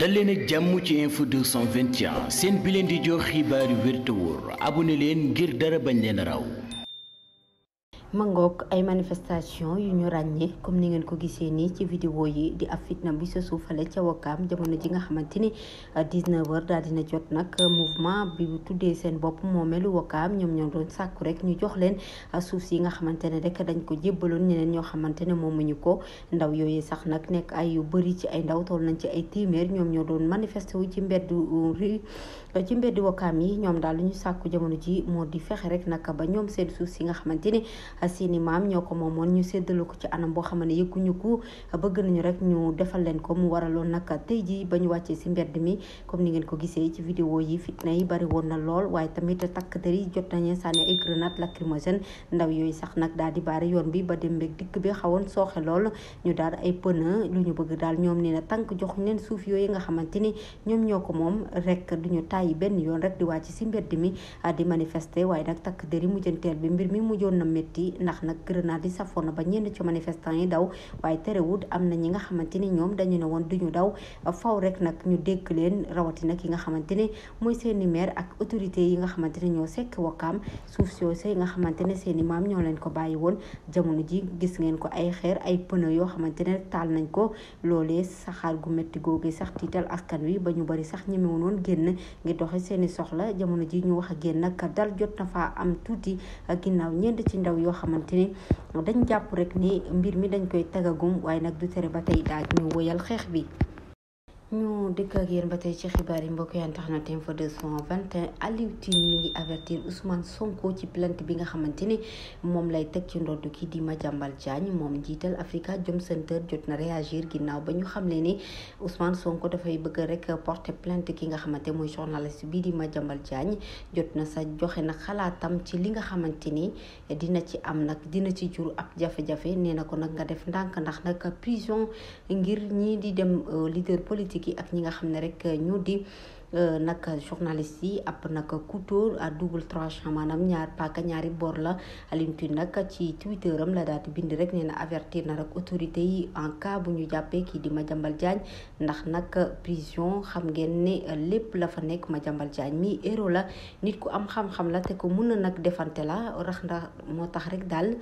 dal leen ak jàmm ci info 221 seen bi leen di jox xibaar yu wér te abu abonné leen ngir dara bañ leen raw mangook ay manifestation yu ñu ràññee comme ni ngeen ko gisee nii ci vidéo yi di ab fitna bi sa suufalee ca wakkaam jamono ji nga xamante ni 19 euh, heures daal dina jot nag euh, mouvement bi tuddee seen bopp moo melu wakkaam ñoom ñoo doon sàkku rek ñu jox leen euh, suuf si nga xamante ne rek dañ ko jébbaloon ñeneen ñoo xamante ne moomuñu ko ndaw yooyu sax nag nekk ay yu bëri ci ay ndaw toll nañ ci ay téeméer ñoom ñoo doon manifesté wu ci mbeddu ri ci mbeddu wakkaam yi ñoom daal lu ñu sàkku jamono ji moo di fexe rek nag ba ñoom seen suuf si nga xamante ni seeni maam ñoo ko moomoon ñu séddale ko ci anam boo xam ne yëgguñu ko bëgg nañu rek ñu defal leen ko mu waraloon nag tey jii ba ñu wàccee si mbedd mi comme ni ngeen ko gisee ci vidéo yi fitna yi bari woon na lool waaye tamit takk der yi jot nañu sànni ay grenade lacrymogène ndaw yooyu sax nag daal di baari yoon bi ba dem beeg bi xawoon sooxe lool ñu daal ay pneu lu ñu bëgg daal ñoom nee na tànk jox leen suuf yooyu nga xamante ni ñoom ñoo ko moom rek duñu tàyyi benn yoon rek di wàcc si mbedd mi ah, di manifester waaye nag takk der yi mujjanteel bi mbir mi mujjoon na métti yi ndax nag grenade safoon ba ñenn ci manifestant yi daw waaye terewut am na ñi nga xamante ni ñoom dañu ne woon duñu daw faw rek nag ñu dégg leen rawatina ki nga xamante ne mooy seeni maire ak autorité yi nga xamante ne ñoo sekk wakkaam suuf soose yi nga xamante ne seeni maam ñoo leen ko bàyyi woon jamono ji gis ngeen ko ay xeer ay pneu yoo xamante ne taal nañ ko loolee saxaar gu métti googu sax tiital askan wi ba ñu bari sax ñemewoon woon génn ngir doxi seeni soxla jamono ji ñu wax a génn nag dal jot na faa am tuuti ginnaaw ñeent ci ndaw xamante ni dañ jàpp rek ni mbir mi dañ koy tegagum waaye nag du tere ba tey daal ñu woyal xeex bi ñu dëkk ak yéen ba tey ci xibaar yi mbokk yaan tax na Infos 221 Aliou Tine mi ngi avertir Ousmane Sonko ci plainte bi nga xamante ni moom lay teg ci ndodd ki di Madiambal Diagne moom jiital Africa Jom Center jot na ginnaaw ba ñu xamle ni Ousmane Sonko dafay bëgg rek porter plainte ki nga xamante mooy journaliste bii di Madiambal Diagne jot na sa joxe nag xalaatam ci li nga xamante ni dina ci am nag dina ci jur ab jafe-jafe nee na ko nag nga def ndànk ndax nag prison ngir ñii di dem euh, leader politique politique yi ak ñi nga xam ne rek euh, ñu di Euh, nag journaliste yi app nag couteau à double tranchant maanaam ñaar paaka ñaari boor la Alioune Tine nag ci Twitter am la daal di bind rek nee na avertir na rek autorité yi en cas bu ñu jàppee kii di Madiambal Diagne ndax nag prison xam ngeen ne lépp la fa nekk Madiambal Diagne mi héros la nit ku am xam-xam la te ko mun na nag defante la rax ndax moo tax rek daal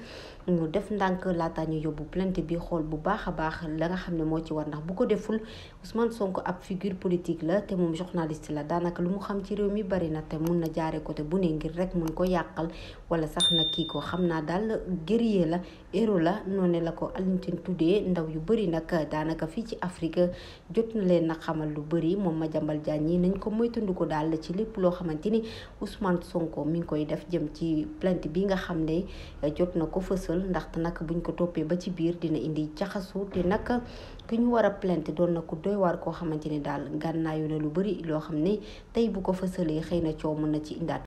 ñu def ndànk laata ñu yóbbu plainte bi xool bu baax a baax la nga xam ne moo ci war ndax bu ko deful Ousmane Sonko ab figure politique la te moom journaliste la daanaka lu mu xam ci réew mi bari na te mun na jaare côté bu ne ngir rek mun ko yàqal wala sax na kii ko xam naa daal guerrier la héros la noonu la ko Alioune Tine tuddee ndaw yu bëri nag daanaka fii ci Afrique jot na leen na xamal lu bëri moom ma jambal Diagne yi nañ ko moytandiku daal ci lépp loo xamante ni usman Sonko mi ngi koy def jëm ci plainte bi nga xam ne jot na ko fësal ndaxte nag buñ ko toppee ba ci biir dina indi jaxasoo te nag ki ñu war a plainte doon na ku doy war koo xamante ni daal gànnaayu na lu bari loo xam ne tey bu ko fësalee xëy na coow mën na ci indaat